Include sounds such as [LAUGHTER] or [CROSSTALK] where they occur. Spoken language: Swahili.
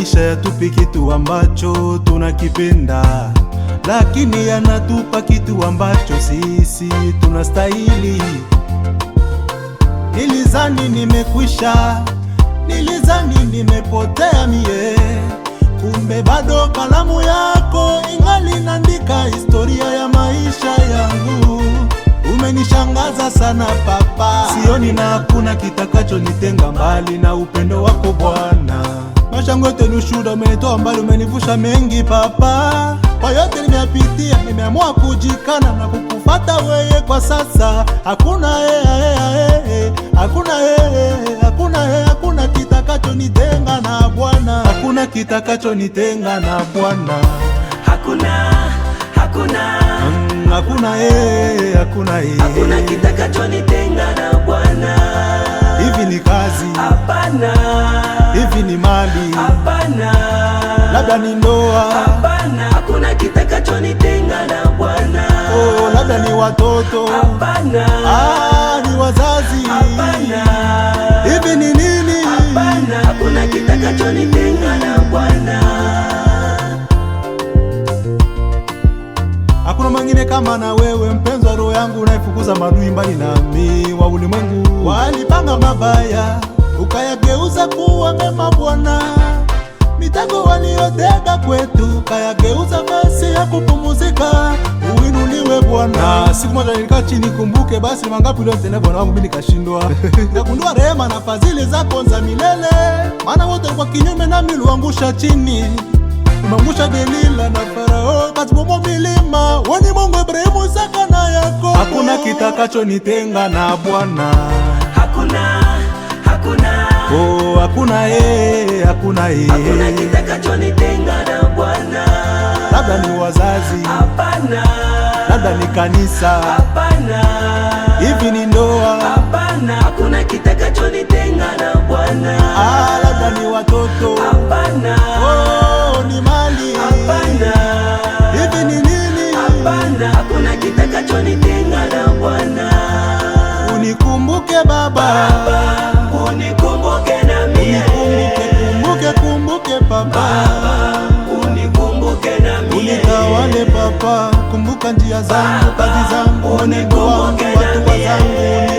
maisha yatupi kitu ambacho tunakipenda, lakini yanatupa kitu ambacho sisi tunastahili. Nilizani nimekwisha, nilizani nimepotea mie, kumbe bado kalamu yako ingali nandika historia ya maisha yangu. Umenishangaza sana papa, sioni na hakuna kitakachonitenga mbali na upendo wako Bwana. Kama Shangote Lushura umenitoa mbali, umenivusha mengi papa. Kwa yote nimeyapitia, nimeamua kujikana na kukufata weye. Kwa sasa hakuna hakuna hakuna hakuna kitakacho nitenga na Bwana, hakuna kitakacho nitenga na Bwana, hakuna hakuna mm, hakuna yeye, hakuna yeye, hakuna kitakacho nitenga na Bwana. Hivi ni kazi? Hapana mali, labda ni ndoa, hakuna kitakachonitenga na Bwana. Oh, labda ni watoto, ah, ni wazazi, hivi ni nini? Hakuna kitakachonitenga na Bwana. Hakuna mwingine kama na wewe mpenzi wa roho yangu, unaifukuza madui mbali nami wa ulimwengu, walipanga mabaya kayageuza kuwa mema Bwana. Mitego waliotega kwetu kayageuza basi ya kupumuzika, uinuliwe Bwana. Siku moja nilikaa chini, kumbuke basi mangapi uliotenda Bwana wangu mimi nikashindwa, [LAUGHS] nikagundua rehema na fadhili zako za milele, maana wote kwa kinyume nami uliangusha chini Mangusha Delila na Farao, katibomo milima weni Mungu Ibrahimu, Isaka na Yakobo. Hakuna nitenga na Bwana, hakuna hakuna yeye, hakuna yeye, hakuna kitakachonitenga na Bwana. Labda ni wazazi, hapana. Labda ni kanisa, hapana. Hivi ni ndoa, hapana. Hakuna kitakachonitenga na Bwana. Ah, labda ni watoto, hapana. Oh, ni mali, hapana. Hivi ni nini, hapana. Hakuna kitakachonitenga na Bwana. Unikumbuke Baba, Baba. nakumbuka njia zangu, kazi zangu, watu wazangu